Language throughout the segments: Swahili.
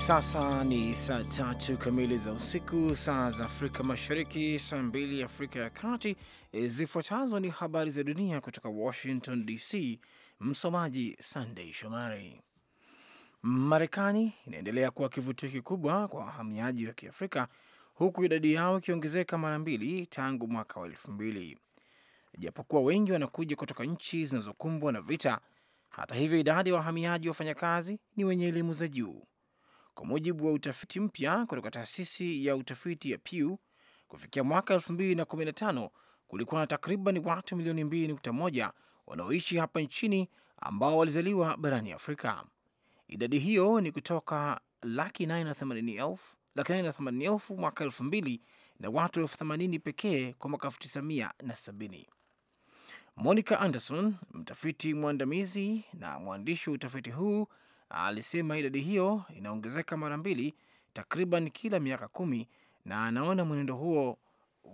sasa ni saa tatu kamili za usiku, saa za Afrika Mashariki, saa mbili Afrika ya Kati. E, zifuatazo ni habari za dunia kutoka Washington DC. Msomaji Sandei Shomari. Marekani inaendelea kuwa kivutio kikubwa kwa wahamiaji wa Kiafrika, huku idadi yao ikiongezeka mara mbili tangu mwaka wa elfu mbili. Japokuwa wengi wanakuja kutoka nchi zinazokumbwa na vita, hata hivyo idadi ya wahamiaji wafanyakazi ni wenye elimu za juu kwa mujibu wa utafiti mpya kutoka taasisi ya utafiti ya Pew, kufikia mwaka 2015 kulikuwa na takriban watu milioni 2.1 wanaoishi hapa nchini ambao walizaliwa barani Afrika. Idadi hiyo ni kutoka laki 980,000 mwaka 2000 na watu 80 pekee kwa mwaka 1970. Monica Anderson, mtafiti mwandamizi na mwandishi wa utafiti huu alisema idadi hiyo inaongezeka mara mbili takriban kila miaka kumi na anaona mwenendo huo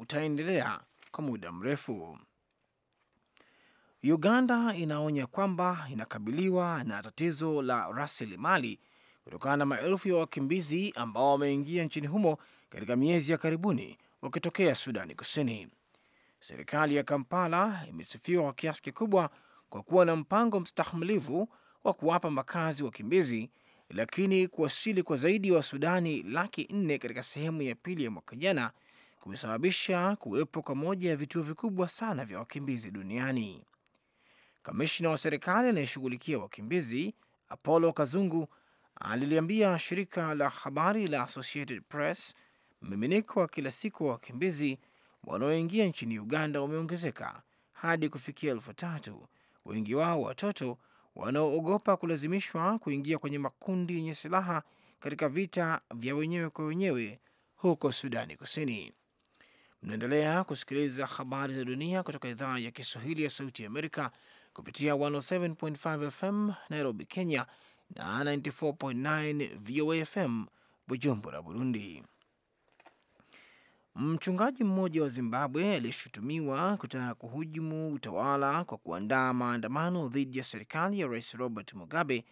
utaendelea kwa muda mrefu. Uganda inaonya kwamba inakabiliwa na tatizo la rasilimali kutokana na maelfu ya wakimbizi ambao wameingia nchini humo katika miezi ya karibuni wakitokea Sudani Kusini. Serikali ya Kampala imesifiwa kwa kiasi kikubwa kwa kuwa na mpango mstahimilivu wa kuwapa makazi wakimbizi, lakini kuwasili kwa zaidi wa Sudani laki nne katika sehemu ya pili ya mwaka jana kumesababisha kuwepo kwa moja ya vituo vikubwa sana vya wakimbizi duniani. Kamishna wa serikali anayeshughulikia wakimbizi Apollo Kazungu aliliambia shirika la habari la Associated Press mmiminiko wa kila siku wa wakimbizi wanaoingia nchini Uganda umeongezeka hadi kufikia elfu tatu, wengi wao watoto wanaoogopa kulazimishwa kuingia kwenye makundi yenye silaha katika vita vya wenyewe kwa wenyewe huko Sudani Kusini. Mnaendelea kusikiliza habari za dunia kutoka idhaa ya Kiswahili ya Sauti ya Amerika kupitia 107.5 FM Nairobi, Kenya na 94.9 VOA FM Bujumbura, Burundi. Mchungaji mmoja wa Zimbabwe aliyeshutumiwa kutaka kuhujumu utawala kwa kuandaa maandamano dhidi ya serikali ya Rais Robert Mugabe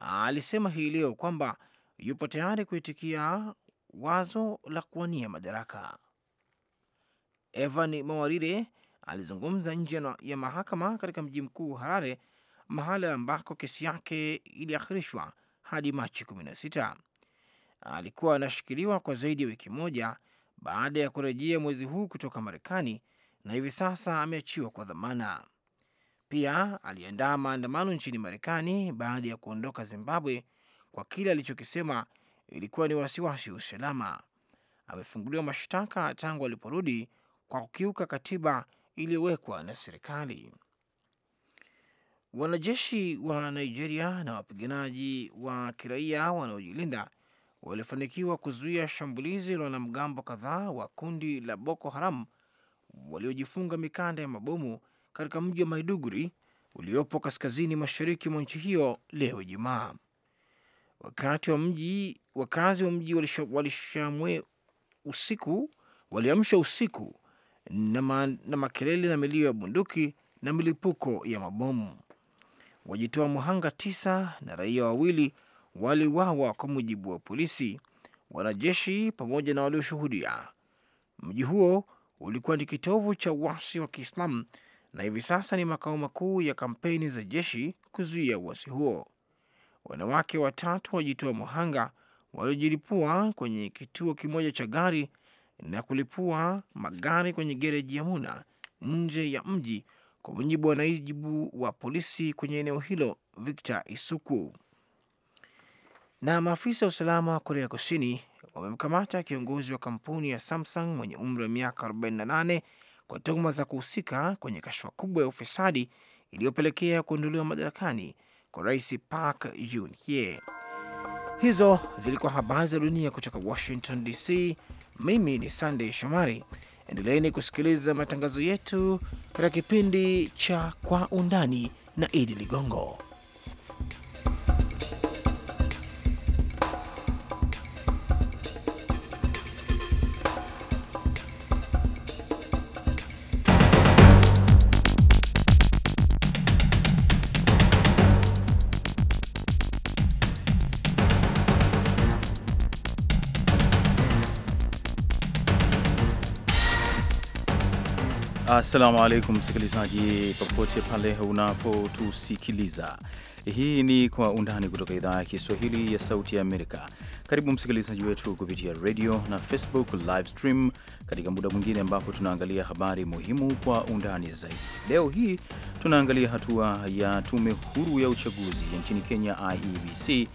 alisema hii leo kwamba yupo tayari kuitikia wazo la kuwania madaraka. Evan Mawarire alizungumza nje ya mahakama katika mji mkuu Harare, mahala ambako kesi yake iliahirishwa hadi Machi 16. Alikuwa anashikiliwa kwa zaidi ya wiki moja baada ya kurejea mwezi huu kutoka Marekani na hivi sasa ameachiwa kwa dhamana. Pia aliandaa maandamano nchini Marekani baada ya kuondoka Zimbabwe kwa kile alichokisema ilikuwa ni wasiwasi wa usalama. Amefunguliwa mashtaka tangu aliporudi kwa kukiuka katiba iliyowekwa na serikali. Wanajeshi wa Nigeria na wapiganaji wa kiraia wanaojilinda walifanikiwa kuzuia shambulizi la wanamgambo kadhaa wa kundi la Boko Haram waliojifunga mikanda ya mabomu katika mji wa Maiduguri uliopo kaskazini mashariki mwa nchi hiyo leo Ijumaa. Wakati wa mji wakazi wa mji walishamwe usiku, waliamsha usiku na, ma, na makelele na milio ya bunduki na milipuko ya mabomu. Wajitoa muhanga tisa na raia wawili waliwawa kwa mujibu wa polisi, wanajeshi pamoja na walioshuhudia. Mji huo ulikuwa ni kitovu cha uasi wa Kiislamu na hivi sasa ni makao makuu ya kampeni za jeshi kuzuia uasi huo. Wanawake watatu wajitoa muhanga waliojilipua kwenye kituo kimoja cha gari na kulipua magari kwenye gereji ya Muna nje ya mji, kwa mujibu wa naibu wa polisi kwenye eneo hilo Victor Isuku. Na maafisa wa usalama wa Korea Kusini wamemkamata kiongozi wa kampuni ya Samsung mwenye umri wa miaka 48 kwa tuhuma za kuhusika kwenye kashfa kubwa ya ufisadi iliyopelekea kuondolewa madarakani kwa rais Park Geun-hye. Hizo zilikuwa habari za dunia kutoka Washington DC. Mimi ni Sandey Shomari. Endeleeni kusikiliza matangazo yetu katika kipindi cha Kwa Undani na Idi Ligongo. Assalamu alaikum msikilizaji, popote pale unapotusikiliza. Hii ni Kwa Undani kutoka idhaa ya Kiswahili ya Sauti ya Amerika. Karibu msikilizaji wetu kupitia radio na Facebook live stream katika muda mwingine ambapo tunaangalia habari muhimu kwa undani zaidi. Leo hii tunaangalia hatua ya tume huru ya uchaguzi ya nchini Kenya, IEBC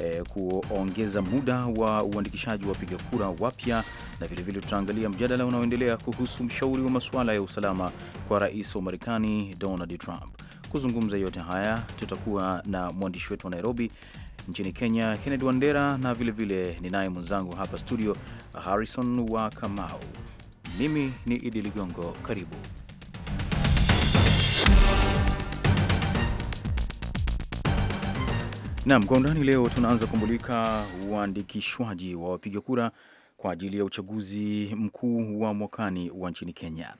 eh, kuongeza muda wa uandikishaji wa wapiga kura wapya, na vilevile tutaangalia mjadala unaoendelea kuhusu mshauri wa masuala ya usalama kwa rais wa Marekani Donald Trump. Kuzungumza yote haya, tutakuwa na mwandishi wetu wa Nairobi nchini Kenya Kennedy Wandera, na vilevile ninaye mwenzangu hapa studio Harrison wa Kamau. Mimi ni Idi Ligongo, karibu. Naam, kwa undani leo tunaanza kumulika uandikishwaji wa wapiga kura kwa ajili ya uchaguzi mkuu wa mwakani wa nchini Kenya.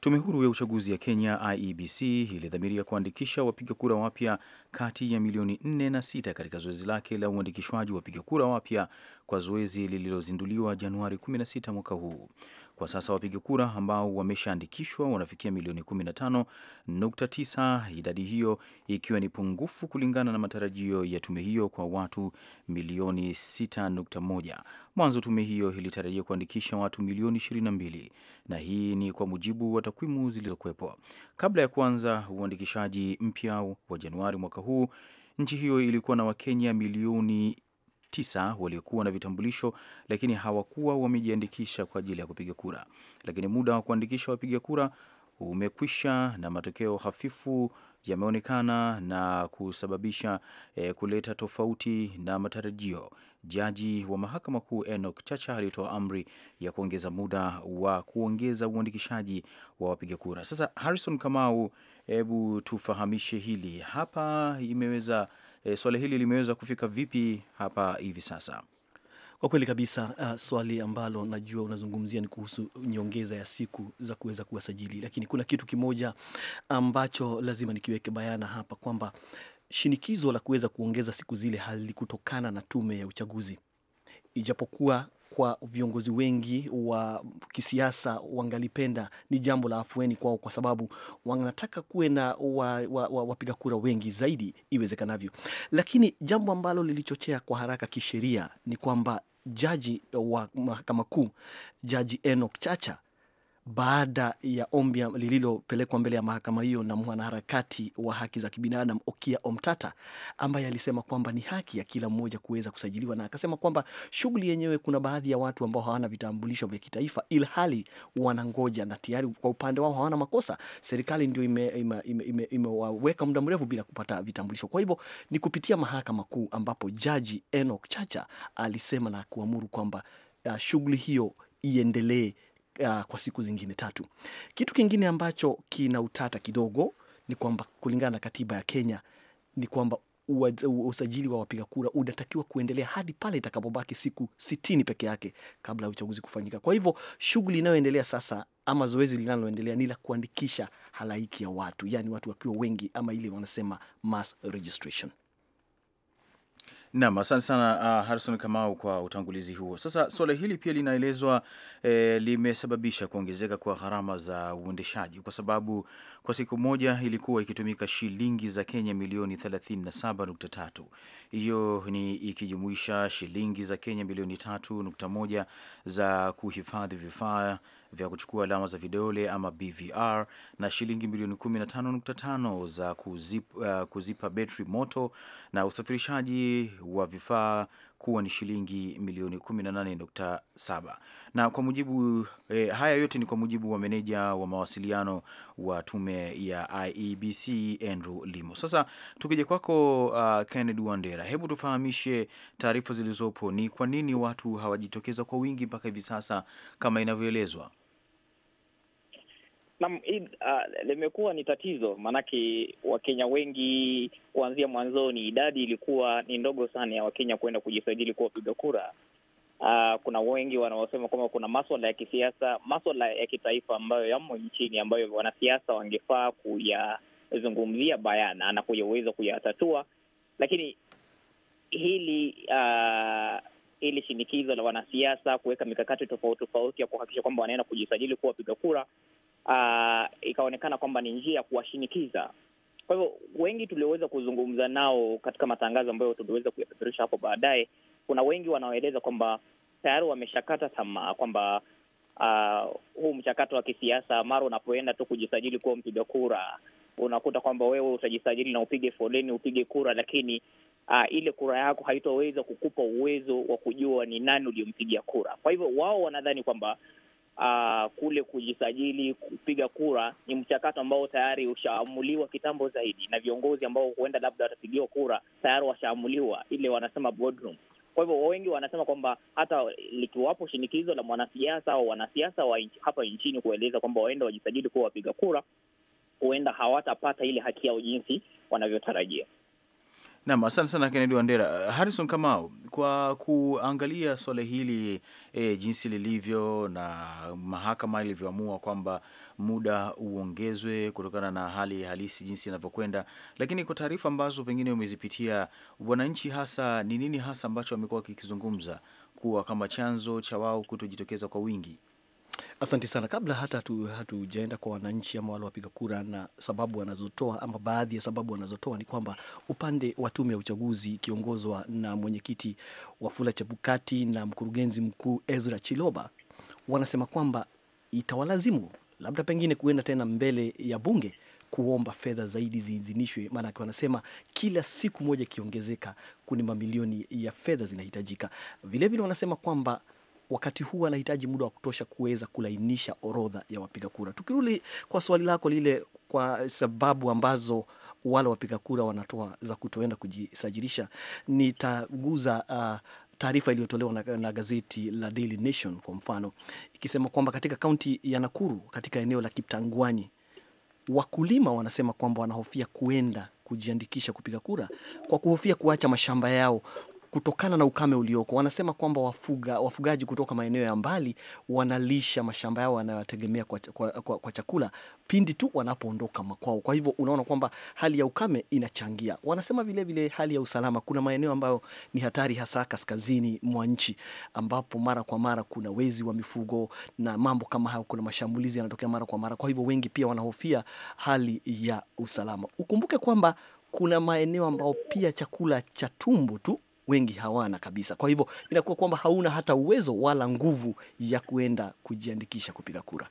Tume huru ya uchaguzi ya Kenya IEBC ilidhamiria kuandikisha wapiga kura wapya kati ya milioni 4 na sita katika zoezi lake la uandikishwaji wapiga kura wapya kwa zoezi lililozinduliwa Januari 16 mwaka huu. Kwa sasa wapiga kura ambao wameshaandikishwa wanafikia milioni 15.9, idadi hiyo ikiwa ni pungufu kulingana na matarajio ya tume hiyo kwa watu milioni 6.1. Mwanzo tume hiyo ilitarajia kuandikisha watu milioni 22, na hii ni kwa mujibu wa takwimu zilizokuwepo kabla ya kuanza uandikishaji mpya wa Januari mwaka huu. Nchi hiyo ilikuwa na Wakenya milioni tisa waliokuwa na vitambulisho lakini hawakuwa wamejiandikisha kwa ajili ya kupiga kura, lakini muda wa kuandikisha wapiga kura umekwisha na matokeo hafifu yameonekana na kusababisha e, kuleta tofauti na matarajio. Jaji wa mahakama kuu Enoch Chacha alitoa amri ya kuongeza muda wa kuongeza uandikishaji wa wapiga kura. Sasa Harrison Kamau, hebu tufahamishe hili hapa imeweza e, eh, swala hili limeweza kufika vipi hapa hivi sasa? Kwa kweli kabisa, uh, swali ambalo najua unazungumzia ni kuhusu nyongeza ya siku za kuweza kuwasajili, lakini kuna kitu kimoja ambacho lazima nikiweke bayana hapa kwamba shinikizo la kuweza kuongeza siku zile halikutokana na tume ya uchaguzi, ijapokuwa kwa viongozi wengi wa kisiasa wangalipenda ni jambo la afueni kwao, kwa sababu wanataka kuwe na wapiga wa, wa, wa kura wengi zaidi iwezekanavyo. Lakini jambo ambalo lilichochea kwa haraka kisheria ni kwamba jaji wa mahakama kuu, Jaji Enoch Chacha baada ya ombi lililopelekwa mbele ya mahakama hiyo na mwanaharakati wa haki za kibinadamu Okia Omtata, ambaye alisema kwamba ni haki ya kila mmoja kuweza kusajiliwa, na akasema kwamba shughuli yenyewe, kuna baadhi ya watu ambao hawana vitambulisho vya kitaifa, ilhali wanangoja na tayari kwa upande wao hawana makosa. Serikali ndio imewaweka ime, ime, ime, ime muda mrefu bila kupata vitambulisho. Kwa hivyo ni kupitia mahakama kuu ambapo jaji Enoch Chacha alisema na kuamuru kwamba uh, shughuli hiyo iendelee uh, kwa siku zingine tatu. Kitu kingine ambacho kina utata kidogo ni kwamba kulingana na katiba ya Kenya ni kwamba usajili wa wapiga kura unatakiwa kuendelea hadi pale itakapobaki siku sitini peke yake kabla ya uchaguzi kufanyika. Kwa hivyo shughuli inayoendelea sasa ama zoezi linaloendelea ni la kuandikisha halaiki ya watu, yaani watu wakiwa wengi, ama ile wanasema mass registration. Nam, asante sana uh, ah, Harison Kamau kwa utangulizi huo. Sasa suala hili pia linaelezwa eh, limesababisha kuongezeka kwa gharama za uendeshaji, kwa sababu kwa siku moja ilikuwa ikitumika shilingi za Kenya milioni 37.3. Hiyo ni ikijumuisha shilingi za Kenya milioni 3.1 za kuhifadhi vifaa vya kuchukua alama za vidole ama BVR na shilingi milioni 15.5 za kuzip, uh, kuzipa betri moto na usafirishaji wa vifaa kuwa ni shilingi milioni 18.7. Na kwa mujibu eh, haya yote ni kwa mujibu wa meneja wa mawasiliano wa tume ya IEBC Andrew Limo. Sasa tukija kwako, uh, Kennedy Wandera, hebu tufahamishe taarifa zilizopo, ni kwa nini watu hawajitokeza kwa wingi mpaka hivi sasa kama inavyoelezwa? Naam, uh, limekuwa ni tatizo, maanake Wakenya wengi kuanzia mwanzoni idadi ilikuwa ni ndogo sana ya Wakenya kuenda kujisajili kuwa wapiga kura. Uh, kuna wengi wanaosema kwamba kuna maswala ya kisiasa, maswala ya kitaifa ambayo yamo nchini ambayo wanasiasa wangefaa kuyazungumzia bayana na kuyaweza kuyatatua, lakini hili uh, ili shinikizo la wanasiasa kuweka mikakati tofauti tofauti ya kuhakikisha kwamba wanaenda kujisajili kuwa wapiga kura, uh, ikaonekana kwamba ni njia ya kuwashinikiza. Kwa hivyo wengi tulioweza kuzungumza nao katika matangazo ambayo tuliweza kuyapeperusha hapo baadaye, kuna wengi wanaoeleza kwamba tayari wameshakata tamaa kwamba uh, huu mchakato wa kisiasa, mara unapoenda tu kujisajili kuwa mpiga kura unakuta kwamba wewe utajisajili na upige foleni upige kura, lakini uh, ile kura yako haitoweza kukupa uwezo wa kujua ni nani uliompigia kura. Kwa hivyo wao wanadhani kwamba uh, kule kujisajili kupiga kura ni mchakato ambao tayari ushaamuliwa kitambo zaidi, na viongozi ambao huenda labda watapigiwa kura tayari washaamuliwa, ile wanasema boardroom. Kwa hivyo wengi wanasema kwamba hata likiwapo shinikizo la mwanasiasa au wanasiasa wa inchi, hapa nchini kueleza kwamba waenda wajisajili kuwa wapiga kura, huenda hawatapata ile haki yao jinsi wanavyotarajia. Nam, asante sana Kennedy Wandera. Harrison Kamau, kwa kuangalia swala hili e, jinsi lilivyo na mahakama ilivyoamua kwamba muda uongezwe kutokana na hali halisi jinsi inavyokwenda, lakini kwa taarifa ambazo pengine umezipitia, wananchi hasa ni nini hasa ambacho wamekuwa wakikizungumza kuwa kama chanzo cha wao kutojitokeza kwa wingi? Asante sana. Kabla hata hatujaenda kwa wananchi ama wale wapiga kura na sababu wanazotoa ama baadhi ya sababu wanazotoa ni kwamba upande wa tume ya uchaguzi ikiongozwa na mwenyekiti Wafula Chebukati na mkurugenzi mkuu Ezra Chiloba wanasema kwamba itawalazimu labda pengine kuenda tena mbele ya bunge kuomba fedha zaidi ziidhinishwe, maanake wanasema kila siku moja ikiongezeka, kuni mamilioni ya fedha zinahitajika. Vilevile wanasema kwamba wakati huu anahitaji muda wa kutosha kuweza kulainisha orodha ya wapiga kura. Tukirudi kwa swali lako lile, kwa sababu ambazo wale wapiga kura wanatoa za kutoenda kujisajilisha, nitaguza uh, taarifa iliyotolewa na, na gazeti la Daily Nation kwa mfano ikisema kwamba katika kaunti ya Nakuru katika eneo la Kiptangwanyi wakulima wanasema kwamba wanahofia kuenda kujiandikisha kupiga kura kwa kuhofia kuacha mashamba yao kutokana na ukame ulioko. Wanasema kwamba wafuga, wafugaji kutoka maeneo ya mbali wanalisha mashamba yao wanayotegemea kwa, kwa, kwa, kwa chakula pindi tu wanapoondoka makwao. Kwa hivyo unaona kwamba hali ya ukame inachangia. Wanasema vilevile vile hali ya usalama, kuna maeneo ambayo ni hatari, hasa kaskazini mwa nchi ambapo mara kwa mara kuna wezi wa mifugo na mambo kama hayo, kuna mashambulizi yanatokea mara kwa mara. Kwa hivyo wengi pia wanahofia hali ya usalama. Ukumbuke kwamba kuna maeneo ambayo pia chakula cha tumbo tu wengi hawana kabisa. Kwa hivyo inakuwa kwamba hauna hata uwezo wala nguvu ya kuenda kujiandikisha kupiga kura.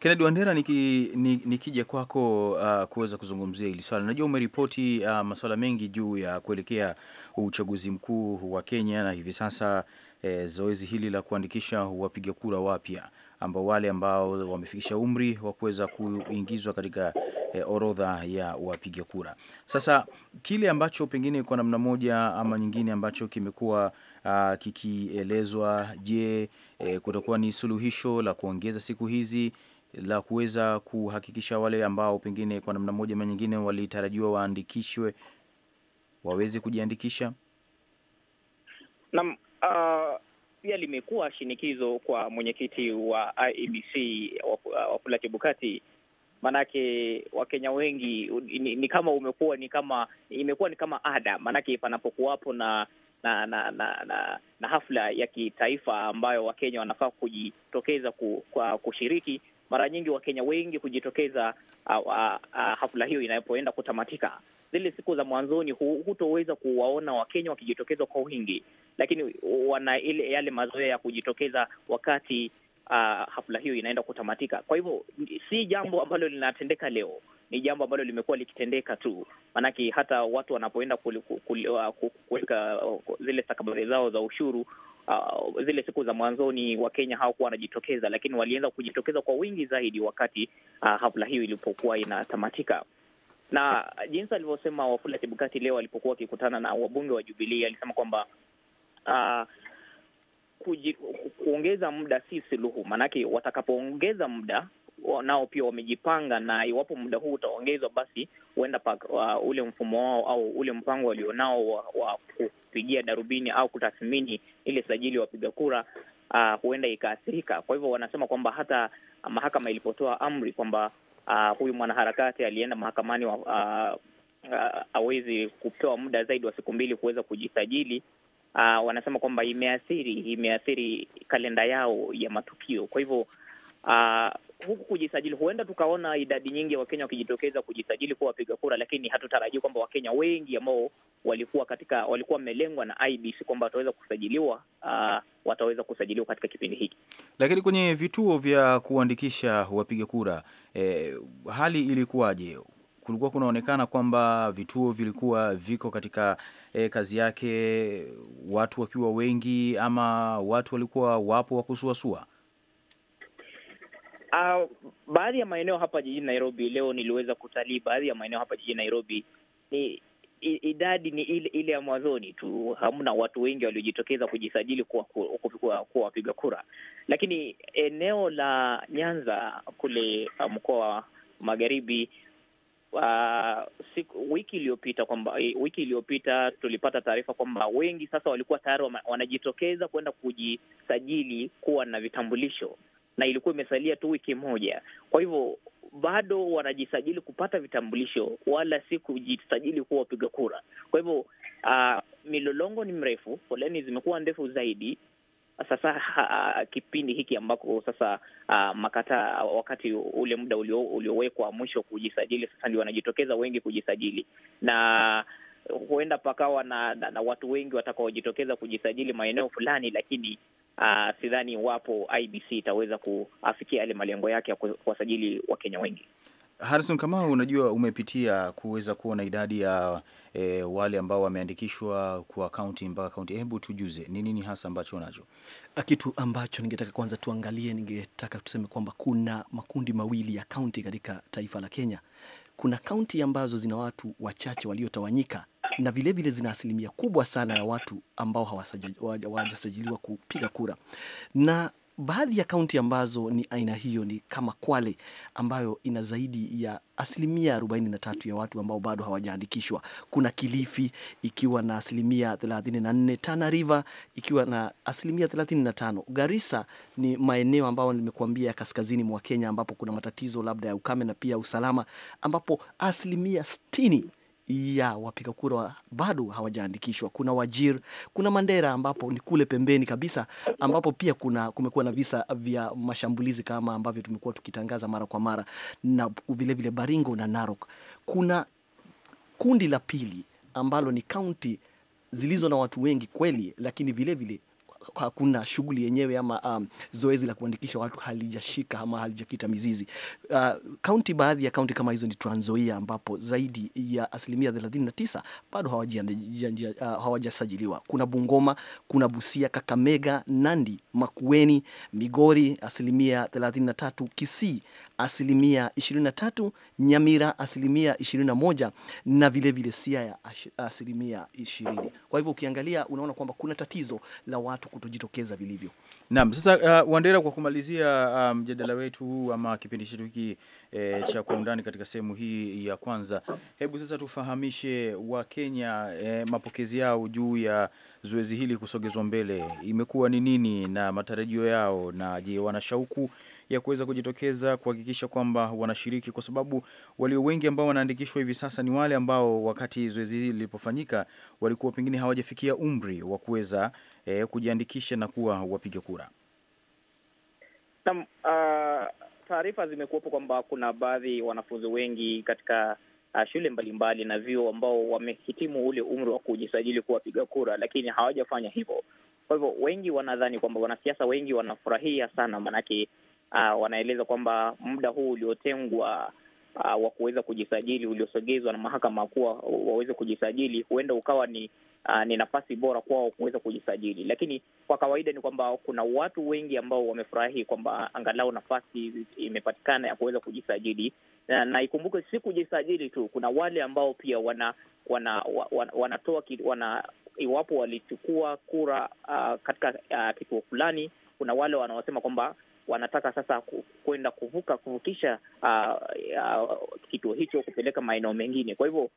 Kennedy Wandera, nikija niki, niki kwako uh, kuweza kuzungumzia hili swala. Najua umeripoti uh, masuala mengi juu ya kuelekea uchaguzi mkuu wa Kenya na hivi sasa eh, zoezi hili la kuandikisha wapiga kura wapya ambao wale ambao wamefikisha umri wa kuweza kuingizwa katika e, orodha ya wapiga kura. Sasa kile ambacho pengine kwa namna moja ama nyingine ambacho kimekuwa ah, kikielezwa, je, e, kutakuwa ni suluhisho la kuongeza siku hizi la kuweza kuhakikisha wale ambao pengine kwa namna moja ama nyingine walitarajiwa waandikishwe waweze kujiandikisha Naam, uh, pia limekuwa shinikizo kwa mwenyekiti wa IEBC Wafula Chebukati, maanake Wakenya wengi ni, ni kama umekuwa ni kama imekuwa ni kama ada, maanake panapokuwapo na na na na, na, na hafla ya kitaifa ambayo Wakenya wanafaa kujitokeza ku, kwa kushiriki mara nyingi Wakenya wengi hujitokeza uh, hafla hiyo inapoenda kutamatika. Zile siku za mwanzoni hutoweza kuwaona Wakenya wakijitokeza kwa wingi, lakini wana ile yale mazoea ya kujitokeza wakati a, ah, hafla hiyo inaenda kutamatika. Kwa hivyo si jambo ambalo linatendeka leo, ni jambo ambalo limekuwa likitendeka tu, maanake hata watu wanapoenda kuweka uh, zile stakabadhi zao za ushuru uh, zile siku za mwanzoni Wakenya hawakuwa wanajitokeza, lakini walianza kujitokeza kwa wingi zaidi wakati uh, hafla hiyo ilipokuwa inatamatika na jinsi alivyosema Wafula Chebukati leo alipokuwa wakikutana na wabunge wa jubilii alisema kwamba uh, kuongeza muda si suluhu, maanake watakapoongeza muda nao pia wamejipanga, na iwapo muda huu utaongezwa, basi huenda uh, ule mfumo wao au ule mpango walionao wa, wa kupigia darubini au kutathmini ile sajili wapiga kura uh, huenda ikaathirika. Kwa hivyo wanasema kwamba hata mahakama ilipotoa amri kwamba uh, huyu mwanaharakati alienda mahakamani wa, uh, uh, awezi kupewa muda zaidi wa siku mbili kuweza kujisajili. Uh, wanasema kwamba imeathiri imeathiri kalenda yao ya matukio. Kwa hivyo uh, huku kujisajili, huenda tukaona idadi nyingi ya Wakenya wakijitokeza kujisajili kuwa wapiga kura, lakini hatutarajii kwamba Wakenya wengi ambao walikuwa katika walikuwa wamelengwa na IBC kwamba wataweza kusajiliwa uh, wataweza kusajiliwa katika kipindi hiki. Lakini kwenye vituo vya kuandikisha wapiga kura eh, hali ilikuwaje? Kulikuwa kunaonekana kwamba vituo vilikuwa viko katika eh, kazi yake, watu wakiwa wengi, ama watu walikuwa wapo wakusuasua? Uh, baadhi ya maeneo hapa jijini Nairobi leo niliweza kutalii baadhi ya maeneo hapa jijini Nairobi. Ni idadi ni ile ile ya mwanzoni tu, hamna watu wengi waliojitokeza kujisajili kuwa, kuwa, kuwa, kuwa wapiga kura, lakini eneo la Nyanza kule ah, mkoa wa Magharibi Uh, siku, wiki iliyopita kwamba wiki iliyopita tulipata taarifa kwamba wengi sasa walikuwa tayari wanajitokeza kwenda kujisajili kuwa na vitambulisho, na ilikuwa imesalia tu wiki moja. Kwa hivyo bado wanajisajili kupata vitambulisho, wala si kujisajili kuwa wapiga kura. Kwa hivyo uh, milolongo ni mrefu, foleni zimekuwa ndefu zaidi sasa uh, kipindi hiki ambako sasa uh, makata wakati ule muda uliowekwa mwisho kujisajili, sasa ndio wanajitokeza wengi kujisajili, na huenda pakawa na, na, na watu wengi watakaojitokeza kujisajili maeneo fulani, lakini uh, sidhani iwapo IBC itaweza kuafikia yale malengo yake ya kuwasajili Wakenya wengi. Harrison Kamau, unajua umepitia kuweza kuona idadi ya e, wale ambao wameandikishwa kwa kaunti mpaka kaunti. Hebu tujuze ni nini hasa ambacho unacho? Kitu ambacho ningetaka kwanza tuangalie, ningetaka tuseme kwamba kuna makundi mawili ya kaunti katika taifa la Kenya. Kuna kaunti ambazo zina watu wachache waliotawanyika na vilevile vile zina asilimia kubwa sana ya watu ambao hawajasajiliwa kupiga kura na baadhi ya kaunti ambazo ni aina hiyo ni kama Kwale ambayo ina zaidi ya asilimia 43 ya watu ambao bado hawajaandikishwa. Kuna Kilifi ikiwa na asilimia 34, Tana River ikiwa na asilimia 35. Garissa ni maeneo ambayo nimekuambia ya kaskazini mwa Kenya ambapo kuna matatizo labda ya ukame na pia usalama, ambapo asilimia ya wapiga kura bado hawajaandikishwa. Kuna Wajir, kuna Mandera ambapo ni kule pembeni kabisa, ambapo pia kuna kumekuwa na visa vya mashambulizi kama ambavyo tumekuwa tukitangaza mara kwa mara, na vilevile Baringo na Narok. Kuna kundi la pili ambalo ni kaunti zilizo na watu wengi kweli, lakini vilevile vile hakuna shughuli yenyewe ama um, zoezi la kuandikisha watu halijashika ama halijakita mizizi. Uh, kaunti baadhi ya kaunti kama hizo ni Trans Nzoia ambapo zaidi ya asilimia 39 bado uh, hawajasajiliwa. Kuna Bungoma, kuna Busia, Kakamega, Nandi, Makueni, Migori asilimia 33, Kisii asilimia 23, Nyamira asilimia 21 na vilevile Siaya asilimia 20. Kwa hivyo ukiangalia unaona kwamba kuna tatizo la watu kutojitokeza vilivyo. Naam, sasa uh, Wandera, kwa kumalizia uh, mjadala um, wetu huu ama kipindi chetu hiki e, cha kwa undani katika sehemu hii ya kwanza, hebu sasa tufahamishe Wakenya e, mapokezi yao juu ya zoezi hili kusogezwa mbele imekuwa ni nini na matarajio yao, na je, wana shauku ya kuweza kujitokeza kuhakikisha kwamba wanashiriki, kwa sababu walio wengi ambao wanaandikishwa hivi sasa ni wale ambao wakati zoezi hili lilipofanyika walikuwa pengine hawajafikia umri wa kuweza eh, kujiandikisha na kuwa wapiga kura. Naam, uh, taarifa zimekuwepo kwamba kuna baadhi wanafunzi wengi katika uh, shule mbalimbali na vyuo ambao wamehitimu ule umri wa kujisajili kuwa wapiga kura, lakini hawajafanya hivyo. Kwa hivyo wengi wanadhani kwamba wanasiasa wengi wanafurahia sana, maanake uh, wanaeleza kwamba muda huu uliotengwa uh, wa kuweza kujisajili uliosogezwa na mahakama kuwa waweze kujisajili huenda ukawa ni uh, ni nafasi bora kwao kuweza kujisajili, lakini kwa kawaida ni kwamba kuna watu wengi ambao wamefurahi kwamba angalau nafasi imepatikana ya kuweza kujisajili na, na ikumbuke si kujisajili tu, kuna wale ambao pia wana wana wanatoa wana, wana, iwapo walichukua kura uh, katika uh, kituo fulani, kuna wale wanaosema kwamba wanataka sasa kwenda kuvuka kuvukisha uh, uh, kituo hicho kupeleka maeneo mengine. Kwa hivyo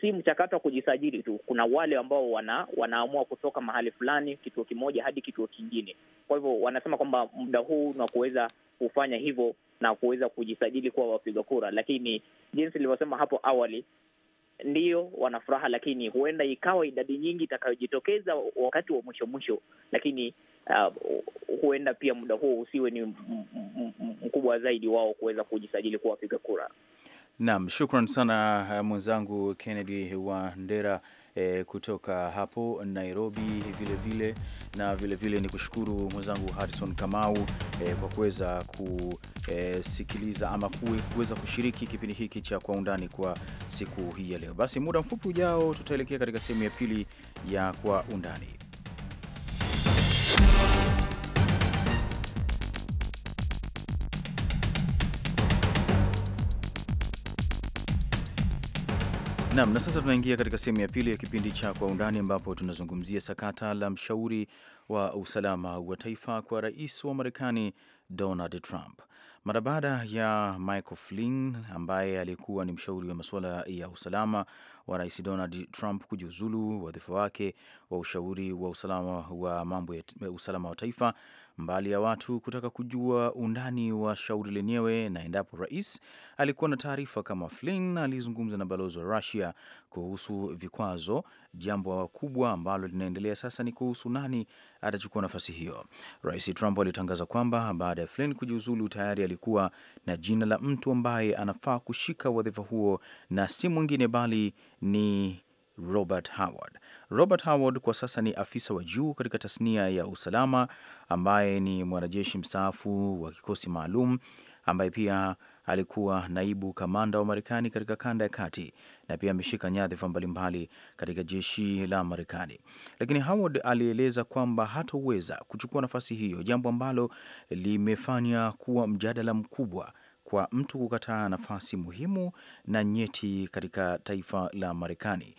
si mchakato wa kujisajili tu, kuna wale ambao wana, wanaamua kutoka mahali fulani kituo kimoja hadi kituo kingine. Kwa hivyo wanasema kwamba muda huu wa kuweza kufanya hivyo na kuweza kujisajili kuwa wapiga kura, lakini jinsi ilivyosema hapo awali ndiyo wana furaha, lakini huenda ikawa idadi nyingi itakayojitokeza wakati wa mwisho mwisho, lakini uh, huenda pia muda huo usiwe ni mkubwa zaidi wao kuweza kujisajili kuwa wapiga kura. Naam, shukran sana uh, mwenzangu Kennedy Wandera eh, kutoka hapo Nairobi vilevile vile, na vilevile vile ni kushukuru mwenzangu Harrison Kamau eh, kwa kuweza kusikiliza eh, ama kuweza kushiriki kipindi hiki cha Kwa Undani kwa siku hii ya leo. Basi muda mfupi ujao tutaelekea katika sehemu ya pili ya Kwa Undani. Nam, na sasa tunaingia katika sehemu ya pili ya kipindi cha Kwa Undani, ambapo tunazungumzia sakata la mshauri wa usalama wa taifa kwa rais wa Marekani Donald Trump mara baada ya Michael Flynn ambaye alikuwa ni mshauri wa masuala ya usalama wa Rais Donald Trump kujiuzulu wadhifa wake wa ushauri wa usalama wa mambo ya usalama wa taifa mbali ya watu kutaka kujua undani wa shauri lenyewe na endapo rais alikuwa na taarifa kama Flynn alizungumza na balozi wa Russia kuhusu vikwazo. Jambo kubwa ambalo linaendelea sasa ni kuhusu nani atachukua nafasi hiyo. Rais Trump alitangaza kwamba baada ya Flynn kujiuzulu tayari alikuwa na jina la mtu ambaye anafaa kushika wadhifa huo na si mwingine bali ni Robert Howard. Robert Howard kwa sasa ni afisa wa juu katika tasnia ya usalama ambaye ni mwanajeshi mstaafu wa kikosi maalum ambaye pia alikuwa naibu kamanda wa Marekani katika kanda ya kati na pia ameshika nyadhifa mbalimbali katika jeshi la Marekani. Lakini Howard alieleza kwamba hatoweza kuchukua nafasi hiyo, jambo ambalo limefanya kuwa mjadala mkubwa kwa mtu kukataa nafasi muhimu na nyeti katika taifa la Marekani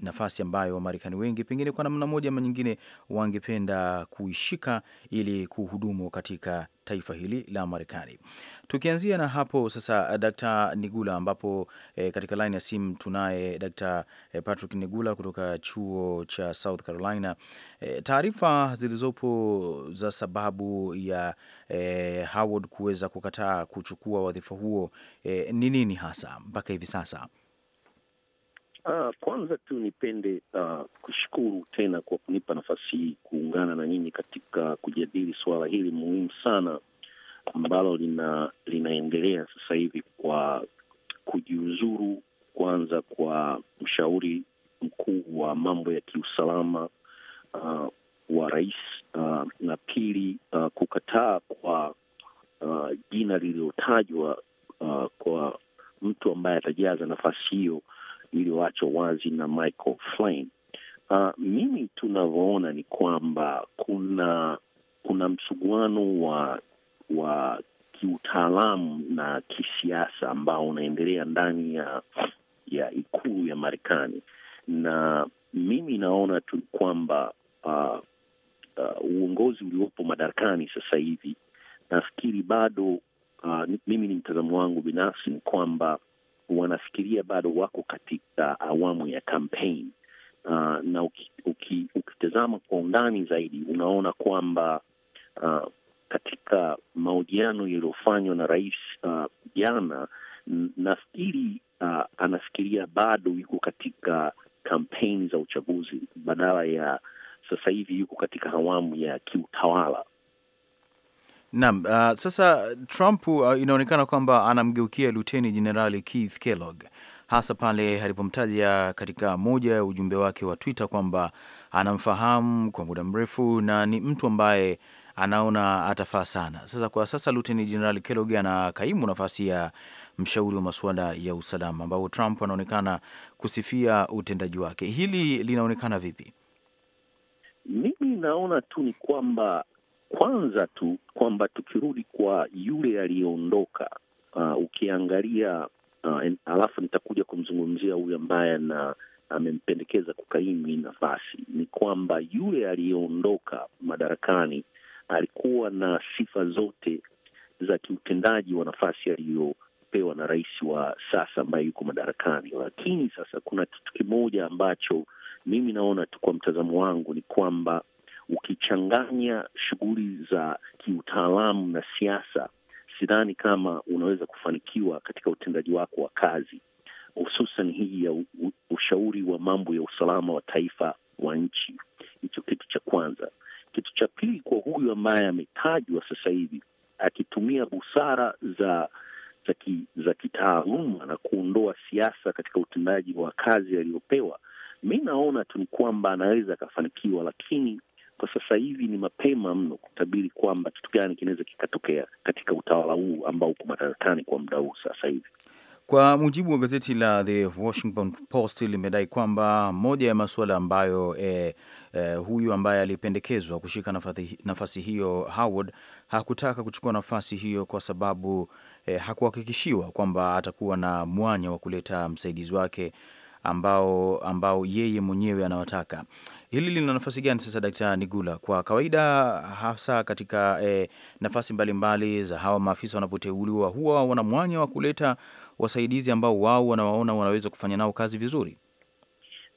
nafasi ambayo Wamarekani wengi pengine kwa namna moja ama nyingine wangependa kuishika ili kuhudumu katika taifa hili la Marekani. Tukianzia na hapo sasa, Dr. Nigula, ambapo e, katika laini ya simu tunaye Dr. Patrick Nigula kutoka chuo cha South Carolina. E, taarifa zilizopo za sababu ya e, Howard kuweza kukataa kuchukua wadhifa huo ni e, nini hasa mpaka hivi sasa? Uh, kwanza tu nipende uh, kushukuru tena kwa kunipa nafasi hii kuungana na nyinyi katika kujadili suala hili muhimu sana ambalo lina, linaendelea sasa hivi kwa kujiuzuru kwanza kwa mshauri mkuu wa mambo ya kiusalama uh, wa rais uh, na pili uh, kukataa kwa uh, jina lililotajwa uh, kwa mtu ambaye atajaza nafasi hiyo iliyoachwa wazi na Michael Flynn. Uh, mimi tunavyoona ni kwamba kuna kuna msuguano wa wa kiutaalamu na kisiasa ambao unaendelea ndani ya ya ikulu ya Marekani, na mimi naona tu kwamba uh, uh, uongozi uliopo madarakani sasa hivi nafikiri bado uh, mimi ni mtazamo wangu binafsi ni kwamba wanafikiria bado wako katika awamu ya kampeni uh, ah, na uki, uki, kwa undani zaidi unaona kwamba uh, katika mahojiano yaliyofanywa na rais ah, jana uh, nafikiri uh, anafikiria bado yuko katika kampeni za uchaguzi badala ya sasa hivi yuko katika awamu ya kiutawala Naam, uh, sasa Trump uh, inaonekana kwamba anamgeukia Luteni Jenerali Keith Kellogg hasa pale alipomtaja katika moja ya ujumbe wake wa Twitter kwamba anamfahamu kwa muda mrefu na ni mtu ambaye anaona atafaa sana. Sasa kwa sasa Luteni Jenerali Kellogg anakaimu nafasi ya mshauri wa masuala ya usalama, ambapo Trump anaonekana kusifia utendaji wake. Hili linaonekana vipi? Mimi naona tu ni kwamba kwanza tu kwamba tukirudi kwa yule aliyeondoka, uh, ukiangalia uh, alafu nitakuja kumzungumzia huyu ambaye na amempendekeza kukaimi nafasi, ni kwamba yule aliyeondoka madarakani alikuwa na sifa zote za kiutendaji wa nafasi aliyopewa na rais wa sasa ambaye yuko madarakani. Lakini sasa kuna kitu kimoja ambacho mimi naona tu kwa mtazamo wangu ni kwamba ukichanganya shughuli za kiutaalamu na siasa, sidhani kama unaweza kufanikiwa katika utendaji wako wa kazi, hususan hii ya ushauri wa mambo ya usalama wa taifa wa nchi. Hicho kitu cha kwanza. Kitu cha pili, kwa huyu ambaye ametajwa sasa hivi, akitumia busara za za, ki, za kitaaluma na kuondoa siasa katika utendaji wa kazi aliyopewa, mi naona tu ni kwamba anaweza akafanikiwa, lakini kwa sasa hivi ni mapema mno kutabiri kwamba kitu gani kinaweza kikatokea katika utawala huu ambao uko madarakani kwa muda huu sasa hivi. Kwa mujibu wa gazeti la The Washington Post limedai kwamba moja ya masuala ambayo eh, eh, huyu ambaye alipendekezwa kushika nafasi, nafasi hiyo Howard hakutaka kuchukua nafasi hiyo kwa sababu eh, hakuhakikishiwa kwamba atakuwa na mwanya wa kuleta msaidizi wake ambao, ambao yeye mwenyewe anawataka. Hili lina nafasi gani sasa, Dkt. Nigula? Kwa kawaida hasa katika e, nafasi mbalimbali mbali za hawa maafisa wanapoteuliwa, huwa wana mwanya wa kuleta wasaidizi ambao wao wanawaona wanaweza kufanya nao kazi vizuri.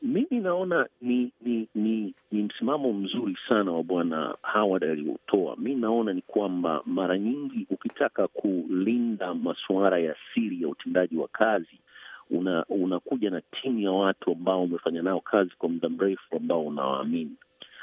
Mimi naona ni ni ni, ni msimamo mzuri sana wa Bwana Howard aliotoa. Mi naona ni kwamba mara nyingi ukitaka kulinda masuala ya siri ya utendaji wa kazi unakuja una na timu ya watu ambao umefanya nao kazi kwa muda mrefu ambao unawaamini.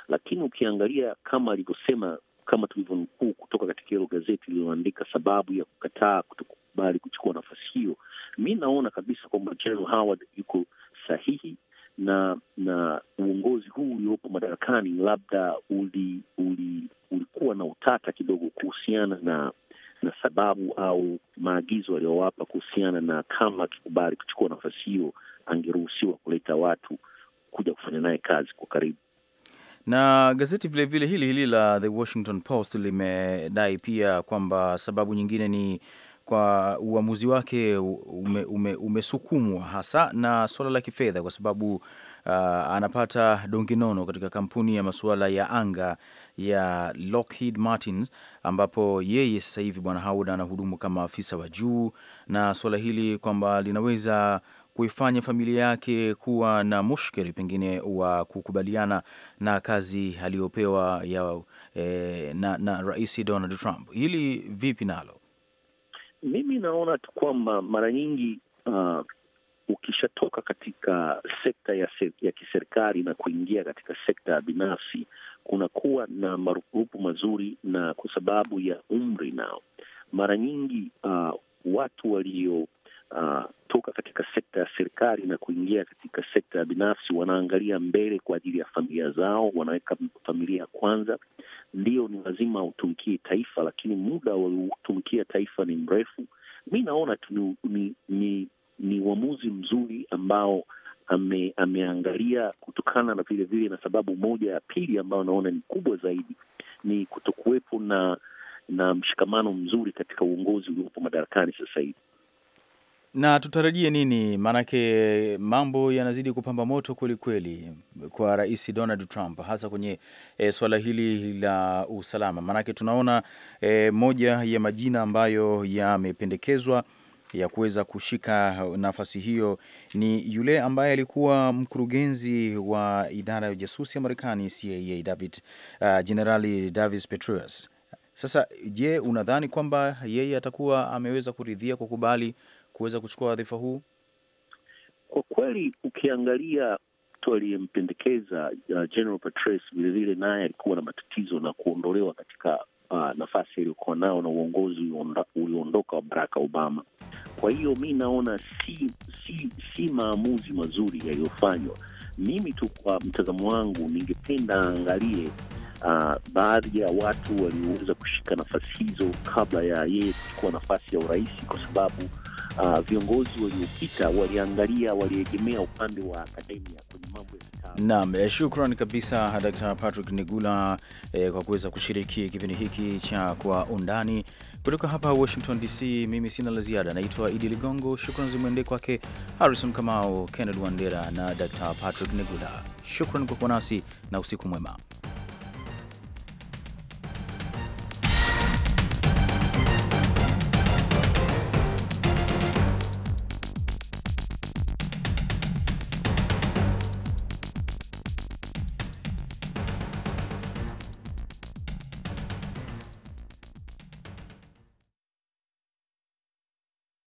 Lakini ukiangalia kama alivyosema, kama tulivyonukuu kutoka katika hilo gazeti lililoandika sababu ya kukataa kutokubali kuchukua nafasi hiyo, mi naona kabisa kwamba General Howard yuko sahihi na na uongozi huu uliopo madarakani labda uli, uli, ulikuwa na utata kidogo kuhusiana na na sababu au maagizo aliyowapa kuhusiana na kama akikubali kuchukua nafasi hiyo, angeruhusiwa kuleta watu kuja kufanya naye kazi kwa karibu na gazeti vilevile vile hili hili la The Washington Post limedai pia kwamba sababu nyingine ni kwa uamuzi wake ume, ume, umesukumwa hasa na suala la kifedha, kwa sababu uh, anapata donginono katika kampuni ya masuala ya anga ya Lockheed Martin, ambapo yeye sasa hivi bwana Howard anahudumu kama afisa wa juu, na suala hili kwamba linaweza kuifanya familia yake kuwa na mushkeli pengine wa kukubaliana na kazi aliyopewa ya eh, na, na Rais Donald Trump. Hili vipi nalo? Mimi naona tu kwamba mara nyingi uh, ukishatoka katika sekta ya, se, ya kiserikali na kuingia katika sekta ya binafsi kunakuwa na marupurupu mazuri, na kwa sababu ya umri nao mara nyingi uh, watu waliotoka uh, katika sekta ya serikali na kuingia katika sekta ya binafsi wanaangalia mbele kwa ajili ya familia zao, wanaweka familia kwanza. Ndio, ni lazima utumikie taifa, lakini muda wa utumikia taifa ni mrefu. Mi naona tu ni, ni, ni ni uamuzi mzuri ambao ame, ameangalia kutokana na vile vile, na sababu moja ya pili ambayo naona ni kubwa zaidi ni kutokuwepo na na mshikamano mzuri katika uongozi uliopo madarakani sasa hivi. Na tutarajie nini? Maanake mambo yanazidi kupamba moto kwelikweli kwa Rais Donald Trump, hasa kwenye e, swala hili la usalama. Maanake tunaona e, moja ya majina ambayo yamependekezwa ya kuweza kushika nafasi hiyo ni yule ambaye alikuwa mkurugenzi wa idara ya ujasusi ya Marekani CIA, David uh, Generali Davis Petraeus. Sasa je, unadhani kwamba yeye atakuwa ameweza kuridhia kukubali kuweza kuchukua wadhifa huu? Kwa kweli, ukiangalia mtu aliyempendekeza uh, General Petraeus vilevile naye alikuwa na matatizo na kuondolewa katika uh, nafasi aliyokuwa nao na uongozi ulioondoka wa Barack Obama. Kwa hiyo mi naona si, si, si maamuzi mazuri yaliyofanywa. Mimi tu kwa mtazamo wangu ningependa angalie uh, baadhi ya watu walioweza kushika nafasi hizo kabla ya yeye kuchukua nafasi ya urais, kwa sababu uh, viongozi waliopita waliangalia, waliegemea upande wa akademia kwenye mambo ya Naam, eh, shukran kabisa Dr. Patrick Nigula eh, kwa kuweza kushiriki kipindi hiki cha Kwa Undani kutoka hapa Washington DC. Mimi sina la ziada, naitwa Idi Ligongo. Shukran zimwende kwake Harrison Kamau, kenned Wandera na Dr. Patrick Nigula. Shukran kwa kuwa nasi na usiku mwema.